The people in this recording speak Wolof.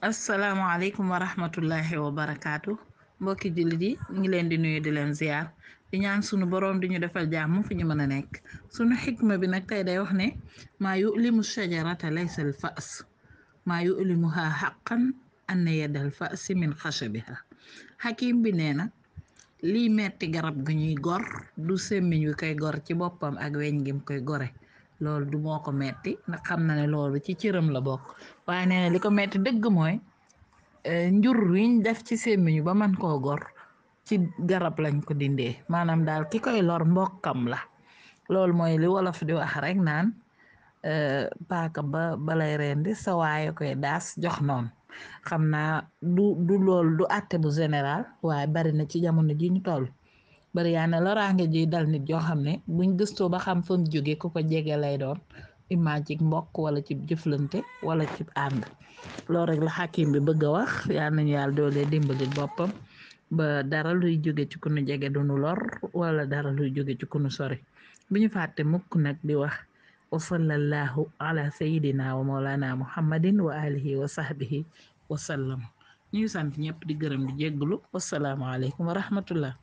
asalaamaaleykum wa rahmatullahi wa barakaatu mbokki jullit yi ñu ngi leen di nuyu di leen ziar di ñaan sunu boroom di ñu defal jàmm fi ñu mën a nekk sunu xikma bi nag tey day wax ne maa yu limu shajarata laysa al fas maa yu limuha xaqan an yadal fasi min xachabiha xakim bi nee na lii metti garab gu ñuy gor du semmiñ wi koy gor ci boppam ak weñ gim koy gore loolu du mooko ko metti ndax xam na ne loolu ci cëram la bokk waaye nee li ko metti dëgg mooy eh, njur wiñ def ci sémmiñu ba man koo gor ci garab lañ ko dindee maanaam daal ki koy lor mbokkam la loolu mooy li wolof di wax rek naan eh, paaka ba balay rendi sa waaye koy daas jox noonu xam naa du du loolu du àtte bu général waaye bari na ci jamono ji ñu toll bari yaa na loraange ji dal nit yoo xam ne buñ gëstoo ba xam fa jóge ku ko jege lay doon image ci mbokk wala ci jëflante wala ci ànd loolu rek la xakim bi bëgg a wax yaa nañu yàlla doole dimbali boppam ba dara luy jóge ci ku nu jege du nu wala dara luy jóge ci ku nu sori bu ñu fàtte mukk nag di wax wa sallallahu ala sayidina wa maulana muhammadin wa alihi wa sahbihi wa sallam ñuy sant ñëpp di gërëm di jégglu wasalaamualeykum wa rahmatullah